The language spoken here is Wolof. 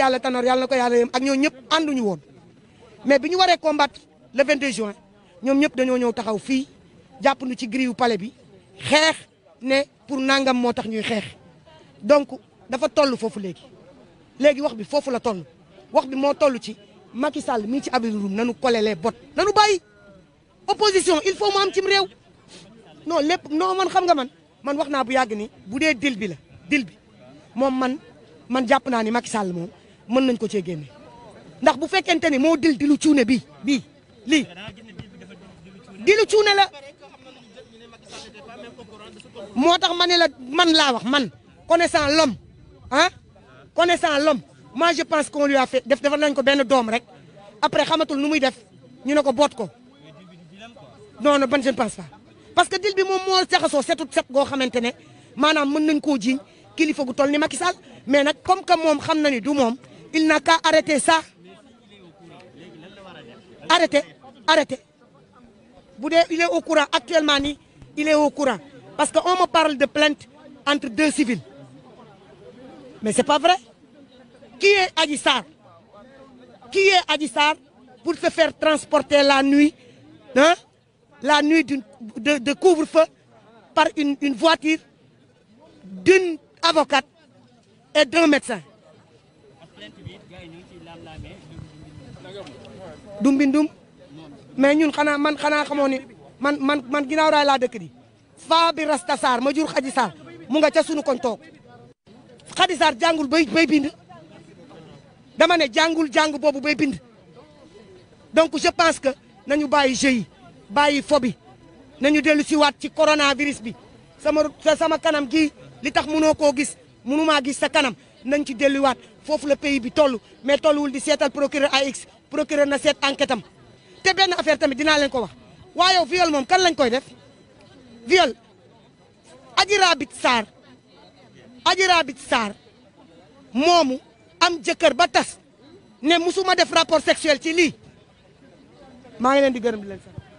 yàlla Tanor yàlla na ko yàlla yëm ak ñoo ñëpp ànduñu woon mais bi ñu waree combattre le 22 juin ñoom ñëpp dañoo ñëw taxaw fii jàppandu ci grille palais bi xeex ne pour nangam moo tax ñuy xeex donc dafa toll foofu léegi léegi wax bi foofu la toll wax bi moo toll ci Macky Sall mi ci Abdou Roum nanu collé les bottes nanu bàyyi opposition il faut mu am cim réew non lépp non man xam nga man man wax naa bu yàgg ni bu dee dil bi la dil bi moom man man jàpp naa ni Macky Sall moom mën nañ ko cee génne ndax bu fekkente ni moo dil dilu cuune bi bii bii lii dilu cuune la moo tax ma ne la man laa wax man connaissant l'homme ah connaissant l'homme moi je pense qu'on lui a fait def defal nañ ko benn doom rek après xamatul nu muy def ñu ne ko boot ko non non ban je ne pense pas parce que dil bi moom moo jaxasoo setut set goo xamante ne maanaam mën nañ koo jiiñ kilifa gu toll ni Macky Sall mais nag comme que moom xam na ni du moom il n'a qu'à arrêter ça arrêter arrêter bu dee il est au courant actuellement nii il est au courant parce que on me parle de plainte entre deux civils mais c'est pas vrai qui est Adji Sarr qui est Adji Sarr pour se faire transporter la nuit la nuit d'une de, couvre-feu par une une voiture d'une avocate et d'un médecin du mbindum mais ñun xanaa man xanaa xamoo ni man man man ginnaaw raay laa dëkk di faa bi rasta saar ma jur xaji saar mu nga ca sunu koñ toog xaji saar bay bay bind dama ne jàngul jàng boobu bay bind donc je pense que nañu bàyyi jeu yi bàyyi fo bi nañu dellu si waat ci coronavirus bi sama sama kanam gi li tax mënoo koo gis mënumaa gis sa kanam nañ ci delluwaat foofu la pays bi toll mais tolluwul di seetal procureur AX procureur na seet enquête te benn affaire tamit dinaa leen ko wax waaye yow viol moom kan lañ koy def viol Adji Raby Sarr Adji Raby Sarr moomu am jëkkër ba tas ne ma def rapport sexuel ci lii maa ngi leen di gërëm di leen sax